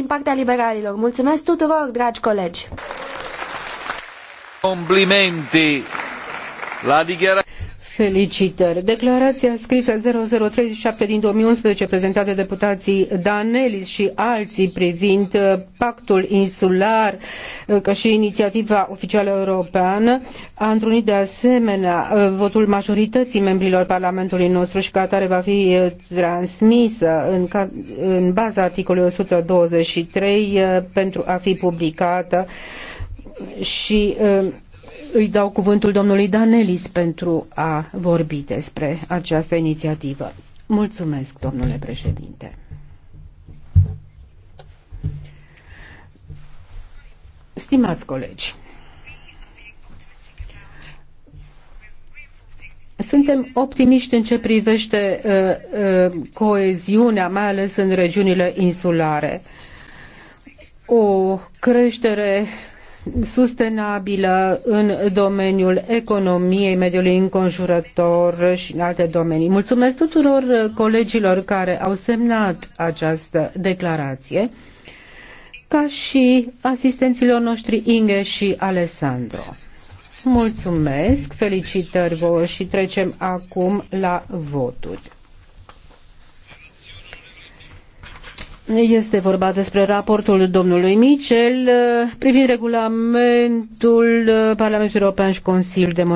din partea liberalilor. Mulțumesc tuturor, dragi colegi! Complimente la dichiarație. Felicitări. Declarația scrisă 0037 din 2011 prezentată de deputații Danelis și alții privind uh, pactul insular uh, ca și inițiativa oficială europeană a întrunit de asemenea uh, votul majorității membrilor Parlamentului nostru și ca atare va fi transmisă în, caz, în baza articolului 123 pentru a fi publicată și îi dau cuvântul domnului Danelis pentru a vorbi despre această inițiativă. Mulțumesc, domnule președinte. Stimați colegi, Suntem optimiști în ce privește uh, uh, coeziunea, mai ales în regiunile insulare. O creștere sustenabilă în domeniul economiei, mediului înconjurător și în alte domenii. Mulțumesc tuturor colegilor care au semnat această declarație, ca și asistenților noștri Inge și Alessandro. Mulțumesc, felicitări vouă și trecem acum la voturi. Este vorba despre raportul domnului Michel uh, privind regulamentul uh, Parlamentului European și Consiliul de